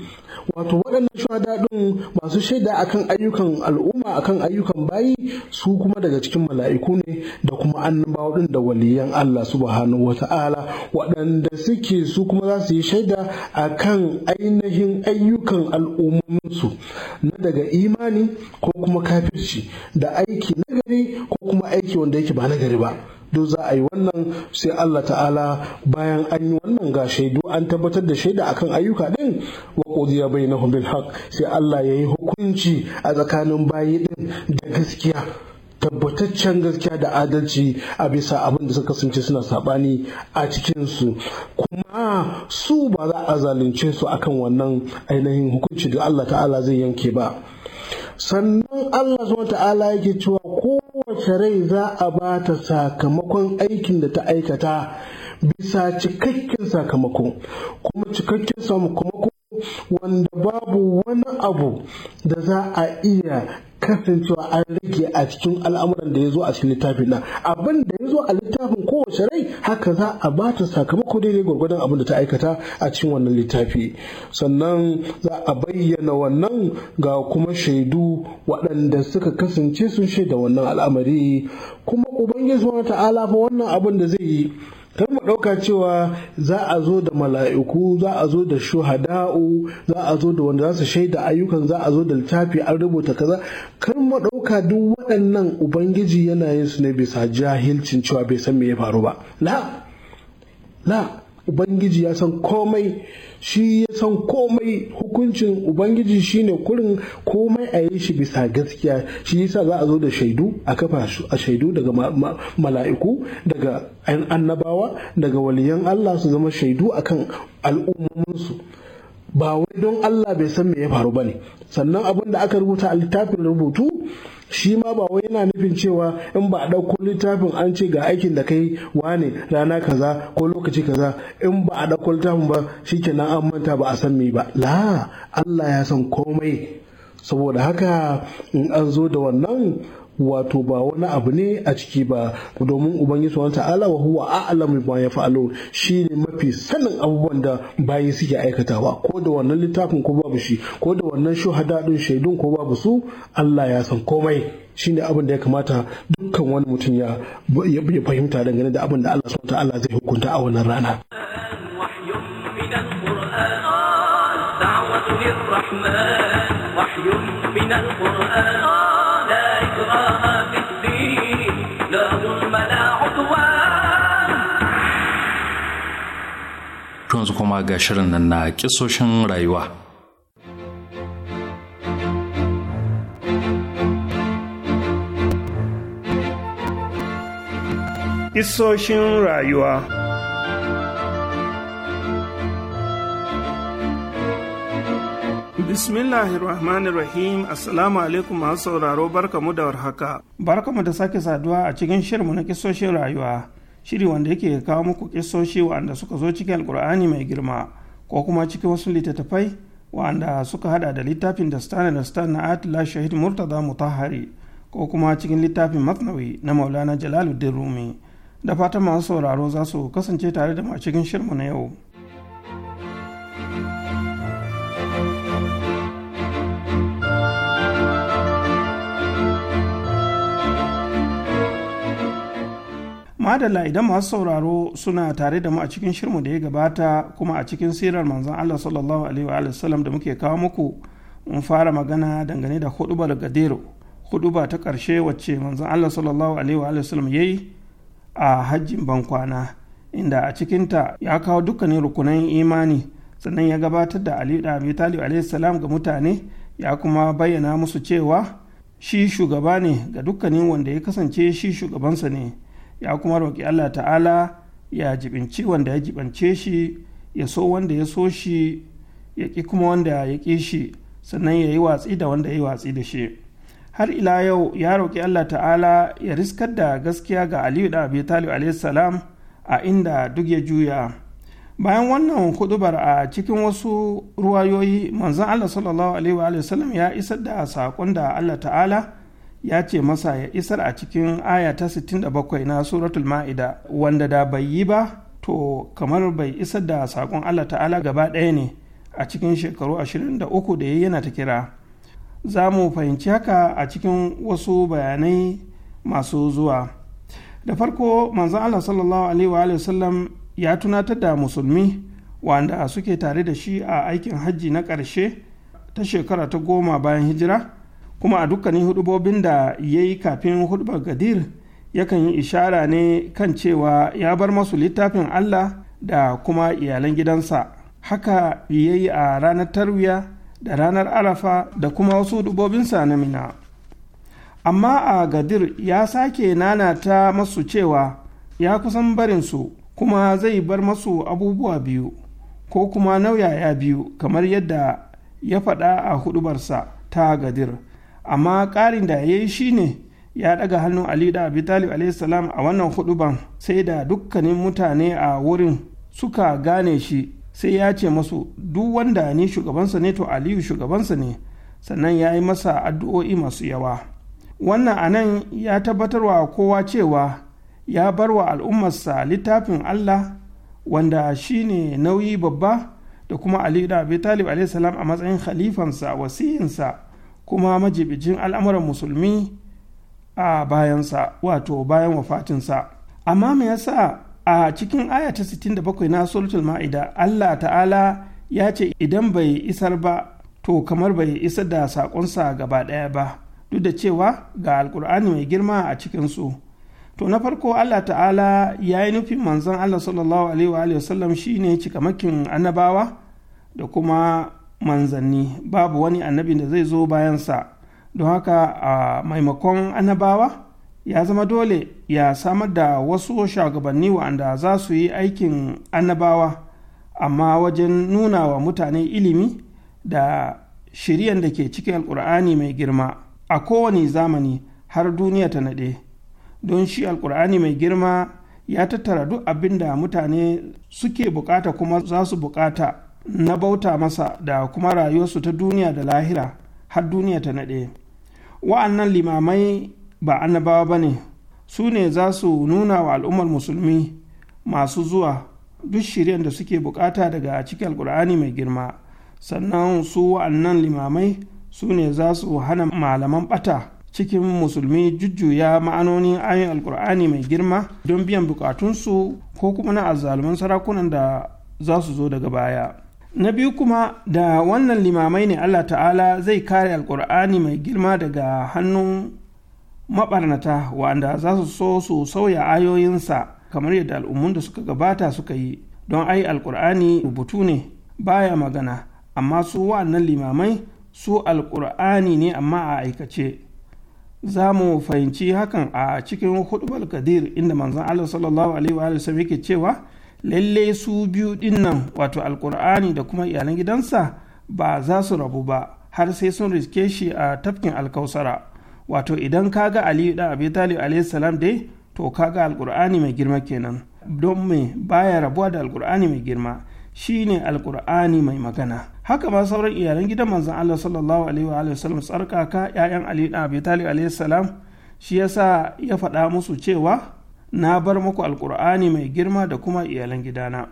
wato waɗannan shuhada ɗin masu shaida akan ayyukan al'umma akan ayyukan bayi su kuma daga cikin mala'iku ne da kuma annabawa ɗin da waliyan Allah subhanahu Ta'ala waɗanda suke su kuma za su yi shaida akan ainihin ayyukan al'ummansu na daga imani ko kuma kafirci da aiki nagari ko kuma aiki wanda yake ba nagari ba duk za a yi wannan sai Allah ta'ala bayan an yi wannan ga shaidu an tabbatar da shaida a akan ayyuka din wa qudiya bainahum bil haqq sai Allah ya yi hukunci a tsakanin bayi ɗin da gaskiya tabbataccen gaskiya da adalci a bisa abin da suka kasance suna sabani a cikinsu kuma su ba za a zalunce su akan wannan ainihin hukunci da Allah ta'ala zai yanke ba sannan Allah subhanahu ta'ala yake cewa ko kowace rai za a ba ta sakamakon aikin da ta aikata bisa cikakken sakamako kuma cikakken sakamako wanda babu wani abu da za a iya kasancewa an rage a cikin al'amuran da ya zo a cikin littafin nan abin da ya zo a littafin kowace rai haka za a ba ta sakamako daidai gwargwadon abin da ta aikata a cikin wannan littafi sannan za a bayyana wannan ga kuma shaidu waɗanda suka kasance sun shaida wannan al'amari kuma ubangiji wa ta'ala fa wannan abin da zai yi kar mu ɗauka cewa za a zo da mala'iku za a zo da shuhada'u za a zo da wanda za su shaida ayyukan za a zo da littafi an rubuta kaza kar mu ɗauka duk waɗannan ubangiji yana yin su ne bisa jahilcin cewa bai san me ya faru ba la la ubangiji ya san komai shi ya san komai hukuncin ubangiji shine kurin komai a yi shi bisa gaskiya shi yasa za a zo da shaidu a kafa a shaidu daga mala'iku daga annabawa daga waliyan Allah su zama shaidu akan al'ummominsu ba wai don Allah bai san me ya faru bane sannan abin da aka rubuta a littafin rubutu shi ma ba wai yana nufin cewa in ba a ɗauko littafin an ce ga aikin da kai wane rana kaza ko lokaci kaza in ba a ɗauko littafin ba shi shikenan an manta ba a san me ba la Allah ya san komai saboda haka in an zo da wannan wato ba wani abu ne a ciki ba domin ubangiji wa ta'ala wa huwa a'lamu bima shi ne mafi sanin abubuwan da bayi suke aikatawa ko da wannan littafin ko babu shi ko da wannan shuhada din shaidun ko babu su Allah ya san komai shine abin da ya kamata dukkan wani mutum ya fahimta dangane da abin da Allah subhanahu ta'ala zai hukunta a wannan rana yanzu kuma ga shirin nan na kisoshin rayuwa. Kisoshin rayuwa Bismillahir Rahmanir Rahim Assalamu alaikum masu sauraro barkamu da warhaka. Barkamu da sake saduwa a cikin shirmu na kisoshin rayuwa. shiri wanda yake kawo muku kisoshi wanda suka zo cikin alkur'ani mai girma ko kuma cikin wasu littattafai wa'anda suka hada da littafin da stan da stan na atila shahid murtaza mutahari ko kuma cikin littafin matnawi na maulana jalaluddin rumi da fatan masu sauraro za su kasance tare da mu cikin shirmu na yau. madala idan masu sauraro suna tare da mu a cikin shirmu da ya gabata kuma a cikin sirar manzon Allah sallallahu alaihi wa sallam da muke kawo muku mun fara magana dangane da hudubar gadero huduba ta karshe wacce manzon Allah sallallahu alaihi wa sallam yayi a hajjin bankwana inda a cikinta ya kawo dukkanin rukunan imani sannan ya gabatar da Ali da Abi Talib ga mutane ya kuma bayyana musu cewa shi shugaba ne ga dukkanin wanda ya kasance shi shugabansa ne ya kuma roƙi allah ta'ala ya jibinci wanda ya jibance shi ya so wanda ya so shi ya ƙi kuma wanda ya ƙi shi sannan ya yi watsi da wanda ya yi watsi da shi har ila yau ya roƙi allah ta'ala ya riskar da gaskiya ga aliyu da abi talib salam a inda duk ya juya bayan wannan kudubar a cikin wasu ruwayoyi manzon allah sallallahu alaihi wa sallam ya isar da saƙon da allah ta'ala ya ce masa ya isar a cikin aya ta 67 na suratul ma'ida wanda da bai yi ba to kamar bai isar da saƙon allah ta'ala gaba ɗaya ne a cikin shekaru 23 da ya yana ta kira za mu fahimci haka a cikin wasu bayanai masu zuwa da farko manzan allah sallallahu alaihi wa ya tunatar da musulmi wanda suke tare da shi a aikin hajji na ƙarshe ta shekara ta goma bayan hijira kuma a dukkanin hudubobin da ya yi kafin hudubar gadir yakan yi ishara ne kan cewa ya bar masu littafin allah da kuma iyalan gidansa haka ya yi a ranar tarwiya da ranar arafa da kuma wasu hudubobinsa na mina amma a gadir ya sake nanata masu cewa ya kusan barinsu kuma zai bar masu abubuwa biyu ko kuma nauyaya biyu kamar yadda ya faɗa a hudubarsa ta gadir amma ƙarin da ya yi shi ne ya ɗaga hannun ali da abi talib a wannan huduban sai da dukkanin mutane a wurin suka gane shi sai ya ce masu duk wanda ni shugabansa ne to aliyu shugabansa ne sannan ya yi masa addu'o'i masu yawa wannan anan ya tabbatarwa kowa cewa ya bar wa al'ummarsa littafin allah wanda shi ne nauyi babba da kuma ali da abi talib a matsayin khalifansa wasiyinsa kuma majibijin al'amuran musulmi a bayansa wato bayan wafatinsa amma me yasa a cikin aya ta 67 na suratul ma'ida Allah ta'ala ya ce idan bai isar ba to kamar bai isa da saƙonsa gaba ɗaya ba duk da cewa ga alkur'ani mai girma a cikinsu to na farko Allah ta'ala ya yi nufin manzon Allah sallallahu alaihi wa sallam shine cikamakin annabawa da kuma manzanni babu wani annabi da zai zo bayansa don haka a maimakon annabawa ya zama dole ya samar da wasu shugabanni wa'anda za su yi aikin annabawa amma wajen nuna wa mutane ilimi da shiryan da ke cikin alkur'ani mai girma a kowane zamani har duniya ta naɗe don shi alkur'ani mai girma ya tattara duk abin da mutane suke bukata kuma za su bukata na bauta masa da kuma rayuwarsu ta duniya da lahira har duniya ta naɗe wa'annan limamai ba annabawa ba ne su ne za su nuna wa al'ummar musulmi masu zuwa duk shirin da suke bukata daga cikin alkur'ani mai girma sannan su wa'annan limamai su ne za su hana malaman bata cikin musulmi jujjuya ma'anonin ayin alkur'ani mai girma don biyan bukatunsu ko kuma na azzaluman sarakunan da za su zo daga baya. na biyu kuma da wannan limamai ne allah ta'ala zai kare alkur'ani mai girma daga hannun mabarnata wanda za su so su sauya ayoyinsa kamar yadda al'ummun da suka gabata suka yi don ai alkur'ani rubutu ne baya magana amma su wannan limamai su alkur'ani ne amma a aikace za mu fahimci hakan a cikin hudubal kadir inda manzon allah sallallahu alaihi wa yake cewa Lallai su biyu dinnan wato alkur'ani da kuma iyalan gidansa ba za su rabu ba har sai sun riske shi a tafkin alkausara wato idan ka ga aliyu da abi talib alaihissalam dai to ka ga alkur'ani mai girma kenan don me baya rabuwa da alkur'ani mai girma shi ne alkur'ani mai magana haka ma sauran iyalan gidan manzon Allah sallallahu alaihi wa sallam tsarkaka ƴaƴan aliyu da abi talib alaihissalam shi yasa ya faɗa musu cewa na bar muku alkur'ani mai girma da kuma iyalan gidana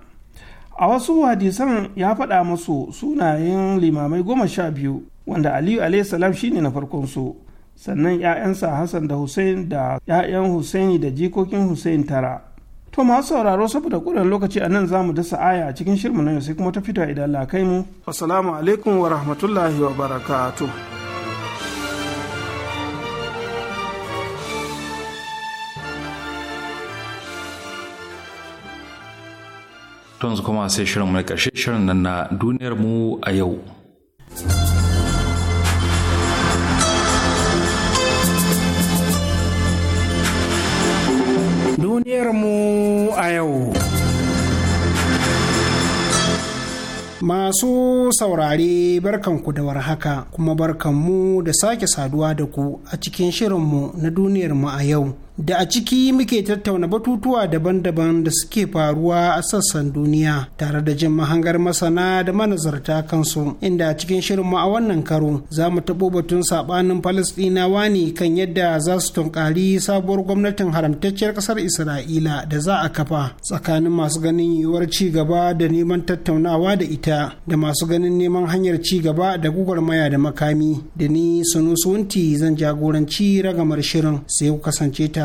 a wasu hadisan ya faɗa musu sunayen limamai goma sha biyu wanda aliyu salam shine na farkonsu sannan 'ya'yansa hassan da hussein da 'ya'yan husaini da jikokin hussein tara to masu sauraro saboda ƙuran lokaci a nan za mu dasa aya a cikin shirmu na yau sai kuma ta fito idan la kai mu assalamu alaikum wa rahmatullahi wa barakatuh To yanzu kuma sai shirin mai ƙarshe shirin nan na duniyar mu a yau. Duniyar mu a yau. Masu saurare barkanku da warhaka kuma barkanmu da sake saduwa da ku a cikin shirin mu na duniyar mu a yau. da a ciki muke tattauna batutuwa daban-daban da suke faruwa a sassan duniya tare da jin mahangar masana da manazarta kansu inda a cikin shirin mu a wannan karo za mu taɓo batun saɓanin falasɗinawa ne kan yadda za su tunkari sabuwar gwamnatin haramtacciyar ƙasar isra'ila da za a kafa tsakanin masu ganin yiwuwar ci gaba da neman tattaunawa da ita da masu ganin neman hanyar ci gaba da maya da makami da ni sunusunti zan jagoranci ragamar shirin sai ku kasance ta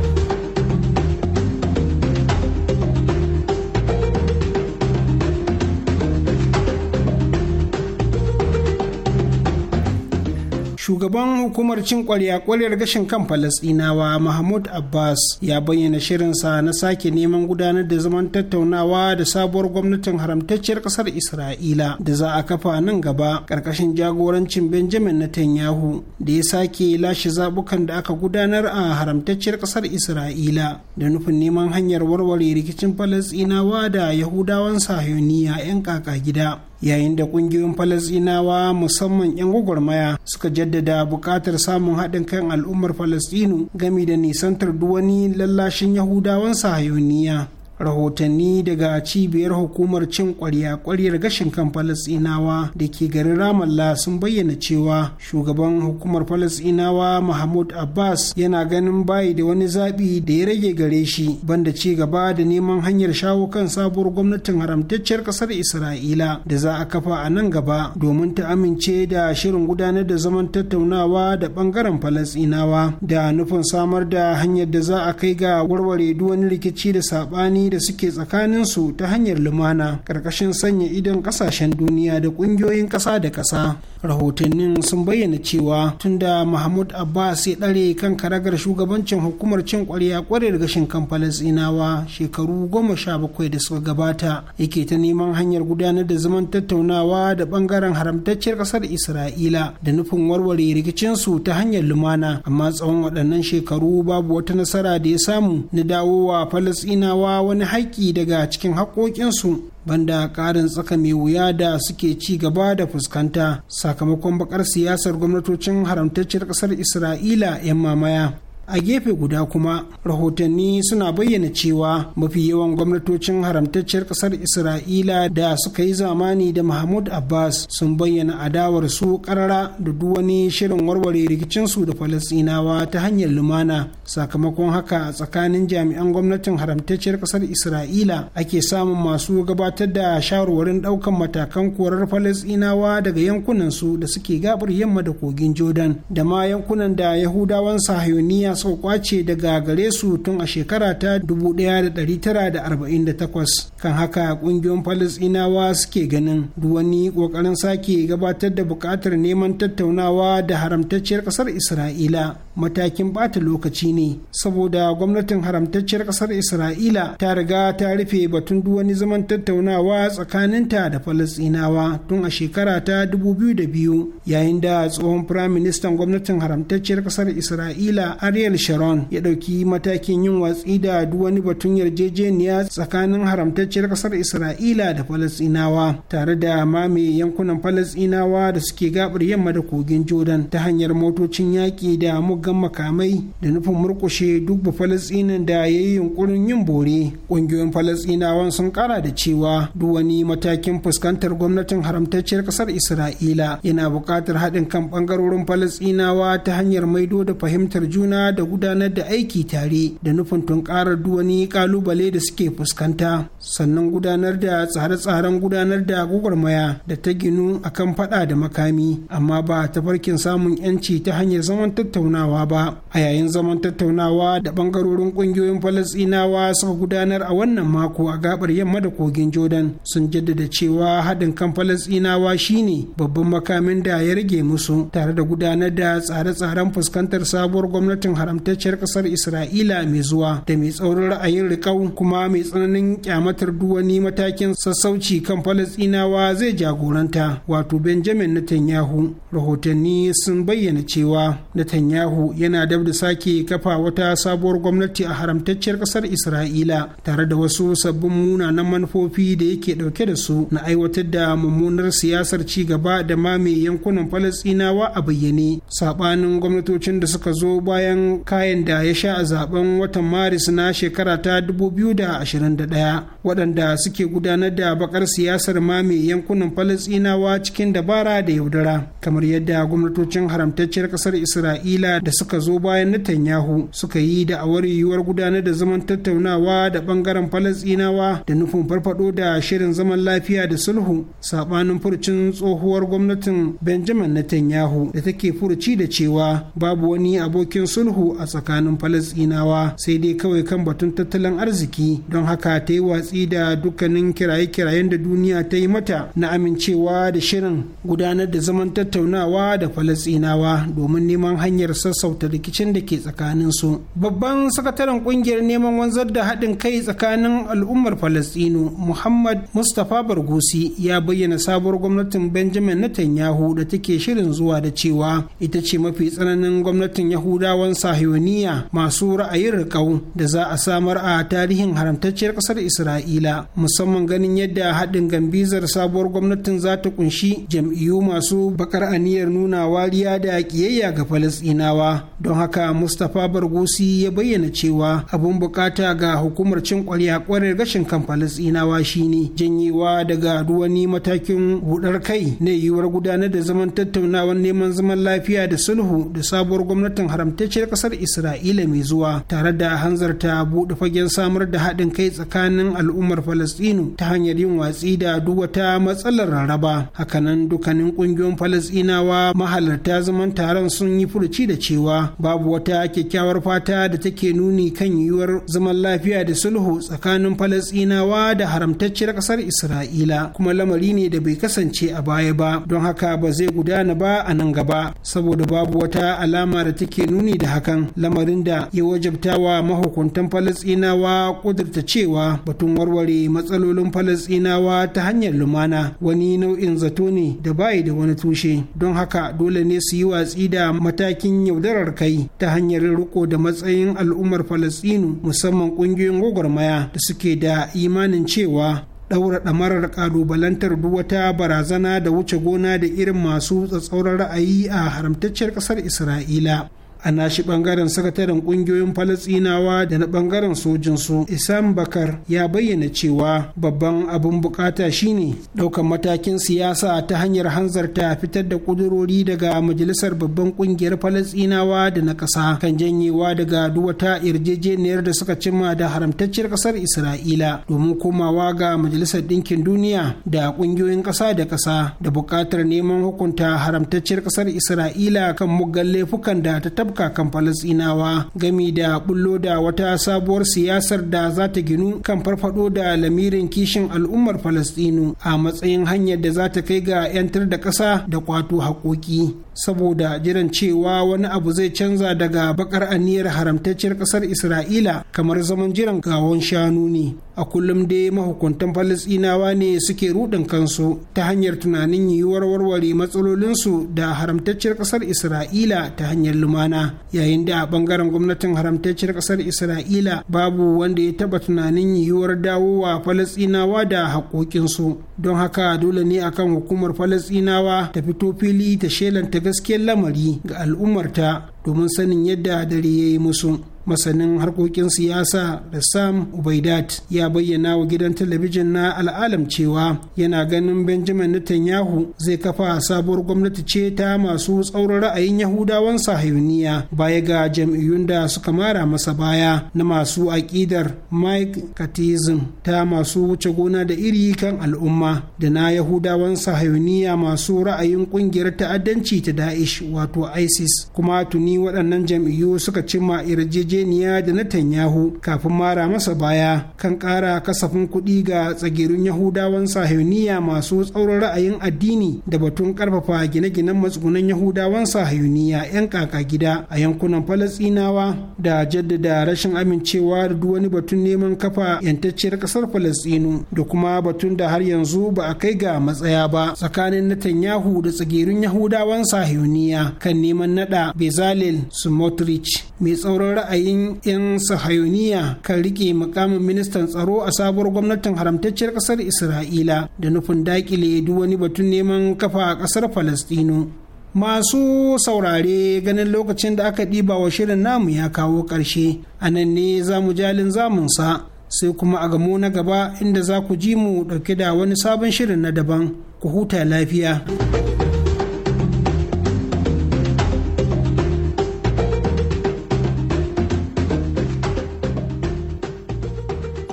shugaban hukumar cin kwarya kwaryar gashin kan falasɗinawa mahmud abbas ya bayyana shirinsa na sake neman gudanar da zaman tattaunawa da sabuwar gwamnatin haramtacciyar kasar isra'ila da za a kafa nan gaba ƙarƙashin jagorancin benjamin netanyahu da ya sake lashe zabukan da aka gudanar a haramtacciyar kasar isra'ila da nufin neman hanyar warware rikicin falasɗinawa da yahudawan sahiyoniya 'yan kaka gida yayin da kungiyoyin falasdinawa musamman 'yan gwagwarmaya suka jaddada buƙatar samun haɗin kan al'ummar falasdinu gami da nisantar duwani lallashin yahudawan sahayoniya rahotanni daga cibiyar hukumar cin kwarya kwaryar gashin kan falasinawa da ke garin ramallah sun bayyana cewa shugaban hukumar falasinawa mahmud abbas yana ganin bayi da wani zaɓi da ya rage gare shi banda ci gaba da neman hanyar shawo kan sabuwar gwamnatin haramtacciyar ƙasar isra'ila da za a kafa a nan gaba domin ta amince da shirin gudanar da zaman tattaunawa da ɓangaren falasinawa da nufin samar da hanyar da za a kai ga warware duk wani rikici da saɓani da suke tsakanin su ta hanyar lumana ƙarƙashin sanya idon ƙasashen duniya da ƙungiyoyin ƙasa da ƙasa rahotannin sun bayyana cewa tunda mahmud abbas ya ɗare kan karagar shugabancin hukumar cin ƙwarya ƙwarar gashin kan falasɗinawa shekaru goma sha bakwai da suka gabata yake ta neman hanyar gudanar da zaman tattaunawa da ɓangaren haramtacciyar ƙasar isra'ila da nufin warware rikicin su ta hanyar lumana amma tsawon waɗannan shekaru babu wata nasara da ya samu na dawowa falasɗinawa wani wani haƙƙi daga cikin haƙoƙinsu banda ƙarin tsaka mai wuya da suke ci gaba da fuskanta sakamakon bakar siyasar gwamnatocin haramtacciyar ƙasar isra'ila 'yan mamaya a gefe guda kuma rahotanni suna bayyana cewa mafi yawan gwamnatocin haramtacciyar kasar isra'ila da suka yi zamani da mahmud abbas sun bayyana adawar su karara da duk wani shirin warware rikicinsu da falasinawa ta hanyar lumana sakamakon haka a tsakanin jami'an gwamnatin haramtacciyar kasar isra'ila ake samun masu gabatar da shawarwarin daukan matakan korar falasinawa daga yankunansu da suke gabar yamma da kogin jordan da ma yankunan da yahudawan sahiyoniya Birtaniya suka kwace daga gare su tun a shekara ta 1948 kan haka kungiyoyin falisinawa suke ganin wani kokarin sake gabatar da bukatar neman tattaunawa da haramtacciyar kasar Isra'ila matakin bata lokaci ne saboda gwamnatin haramtacciyar kasar isra'ila ta riga ta rufe batun duk wani zaman tattaunawa tsakaninta da falasinawa tun a shekara ta 2002 yayin da tsohon firaministan gwamnatin haramtacciyar kasar isra'ila ariel sharon ya ɗauki matakin yin watsi da duk wani batun yarjejeniya tsakanin haramtacciyar kasar isra'ila da falasinawa tare da mame yankunan falasinawa da suke gabar yamma da kogin jordan ta hanyar motocin yaƙi da muggan muggan makamai da nufin murkushe duk bafalasɗinin da ya yi yunkurin yin bore ƙungiyoyin falastinawa sun kara da cewa duk wani matakin fuskantar gwamnatin haramtacciyar ƙasar isra'ila yana buƙatar haɗin kan ɓangarorin falasɗinawa ta hanyar maido da fahimtar juna da gudanar da aiki tare da nufin tunkarar duk wani ƙalubale da suke fuskanta sannan gudanar da tsare-tsaren gudanar da gwagwarmaya da ta ginu akan faɗa da makami amma ba ta farkin samun 'yanci ta hanyar zaman tattaunawa kammalawa ba a yayin zaman tattaunawa da bangarorin kungiyoyin falasinawa suka gudanar a wannan mako a gabar yamma da kogin jordan sun jaddada cewa haɗin kan falasinawa shine babban makamin da ya rage musu tare da gudanar da tsare-tsaren fuskantar sabuwar gwamnatin haramtacciyar ƙasar isra'ila mai zuwa da mai tsaurin ra'ayin riƙau kuma mai tsananin kyamatar duwani matakin sassauci kan falasinawa zai jagoranta wato benjamin netanyahu rahotanni sun bayyana cewa netanyahu Netanyahu yana dab da sake kafa wata sabuwar gwamnati a haramtacciyar kasar Isra'ila tare da wasu sabbin munanan manufofi da yake dauke da su na aiwatar da mummunar siyasar ci gaba da mame yankunan Falasɗinawa a bayyane saɓanin gwamnatocin da suka zo bayan kayan da ya sha a zaben watan Maris na shekara ta 2021 waɗanda suke gudanar da bakar siyasar mame yankunan falastinawa cikin dabara da yaudara kamar yadda gwamnatocin haramtacciyar kasar Isra'ila da da suka zo bayan Netanyahu suka yi da'awar yiwuwar gudanar da zaman tattaunawa da bangaren Falasɗinawa da nufin farfado da shirin zaman lafiya da sulhu sabanin furcin tsohuwar gwamnatin Benjamin Netanyahu da take furci da cewa babu wani abokin sulhu a tsakanin Falasɗinawa sai dai kawai kan batun tattalin arziki don haka ta yi watsi da dukkanin kiraye-kirayen da duniya ta yi mata na amincewa da shirin gudanar da zaman tattaunawa da Falasɗinawa domin neman hanyar sassa sassauta rikicin da ke tsakanin su babban sakataren kungiyar neman wanzar da haɗin kai tsakanin al'ummar falastinu muhammad mustapha bargusi ya bayyana sabuwar gwamnatin benjamin netanyahu da take shirin zuwa da cewa ita ce mafi tsananin gwamnatin yahudawan sahiyoniya masu ra'ayin rikau da za a samar a tarihin haramtacciyar ƙasar isra'ila musamman ganin yadda haɗin gambizar sabuwar gwamnatin za ta kunshi jam'iyyu masu baƙar aniyar nuna wariya da ƙiyayya ga falasɗinawa don haka mustapha bargusi ya bayyana cewa abun bukata ga hukumar cin kwarya kwarar gashin kan falasinawa shine janyewa daga duwani matakin hudar kai na yiwuwar gudanar da zaman tattaunawar neman zaman lafiya da sulhu da sabuwar gwamnatin haramtacciyar kasar isra'ila mai zuwa tare da hanzarta buɗe fagen samar da haɗin kai tsakanin al'ummar falasɗinu ta hanyar yin watsi da duk wata matsalar rarraba hakanan dukkanin ƙungiyoyin Falasinawa mahalarta zaman taron sun yi furuci da cewa cewa babu wata kyakkyawar fata da take nuni kan yiwuwar zaman lafiya da sulhu tsakanin falasinawa da haramtacciyar kasar isra'ila kuma lamari ne da bai kasance a baya ba don haka ba zai gudana ba a nan gaba saboda babu wata alama da take nuni da hakan lamarin da ya wajabta wa mahukuntan falasinawa kudurta cewa batun warware matsalolin falasinawa ta hanyar lumana wani nau'in zato ne da bayi da wani tushe don haka dole ne su yi watsi da matakin yaudar yaudarar kai ta hanyar riko da matsayin al'ummar falastinu musamman ƙungiyoyin gwagwarmaya da suke da imanin cewa ɗaura ɗamarar ƙalubalantar duwata barazana da wuce gona da irin masu tsatsauran ra'ayi a haramtacciyar ƙasar isra'ila a nashi bangaren sakataren kungiyoyin falasinawa da na bangaren sojinsu isam bakar ya bayyana cewa babban abin bukata shine daukan matakin siyasa ta hanyar hanzarta fitar da kudurori daga majalisar babban kungiyar falasinawa da na kasa kan janyewa daga duwata yarjejeniyar da suka cimma da haramtacciyar kasar isra'ila domin komawa ga majalisar ɗinkin duniya da kungiyoyin ƙasa da ƙasa da buƙatar neman hukunta haramtacciyar kasar isra'ila kan muggan laifukan da ta kan falasinawa gami da bullo da wata sabuwar siyasar da za ta ginu kan farfado da lamirin kishin al'ummar falastinu a matsayin hanyar da za ta kai ga 'yantar da ƙasa da kwato haƙoƙi saboda jiran cewa wani abu zai canza daga bakar aniyar haramtacciyar ƙasar isra'ila kamar zaman jiran gawon shanu ne a kullum dai mahukuntan falasinawa ne suke rudin kansu ta hanyar tunanin yiwuwar warware matsalolinsu da haramtacciyar kasar isra'ila ta hanyar lumana yayin da a bangaren gwamnatin haramtacciyar kasar isra'ila babu wanda ya taba tunanin yiwuwar dawowa falasinawa da haƙoƙinsu don haka dole ne akan hukumar falasinawa ta fito fili ta shelanta gaskiyar lamari ga al'ummarta domin sanin yadda dare ya yi musu masanin harkokin siyasa da sam ubaidat ya bayyana wa gidan talabijin na al'alam cewa yana ganin benjamin netanyahu zai kafa sabuwar gwamnati ce ta masu tsaurar ra'ayin yahudawan sahiyuniya baya ga jam'iyyun da suka mara masa baya na masu aƙidar mike katizm ta masu wuce gona da iri kan al'umma da na yahudawan sahiyuniya masu ra'ayin ƙungiyar ta'addanci ta da'ish wato isis kuma tuni waɗannan jam'iyyu suka cimma irjeji yarjejeniya da Netanyahu kafin mara masa baya kan ƙara kasafin kuɗi ga tsagerun Yahudawan sahiyoniya masu tsauran ra'ayin addini da batun karfafa gine-ginen matsugunan Yahudawan sahiyoniya 'yan kaka gida a yankunan Falasɗinawa da jaddada rashin amincewa da duk wani batun neman kafa 'yantacciyar ƙasar Falasɗinu da kuma batun da har yanzu ba a kai ga matsaya ba tsakanin Netanyahu da tsagerun Yahudawan sahiyoniya kan neman nada Bezalel Smotrich mai tsauran ra'ayi yayin 'yan sahayoniya kan rike mukamin ministan tsaro a sabuwar gwamnatin haramtacciyar kasar isra'ila da nufin dakile duk wani batun neman kafa a kasar falastinu masu saurare ganin lokacin da aka ɗiba wa shirin namu ya kawo ƙarshe a nan ne za mu jalin zamunsa sai kuma a gamo na gaba inda za ku ji mu ɗauke da wani sabon shirin na daban ku huta lafiya.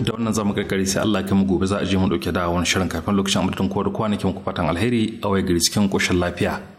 da wannan zamu karkare sai Allah kai mu gobe za a je mu dauke da wani shirin kafin lokacin amudin kowa da kwanakin ku fatan alheri a waya gari cikin koshin lafiya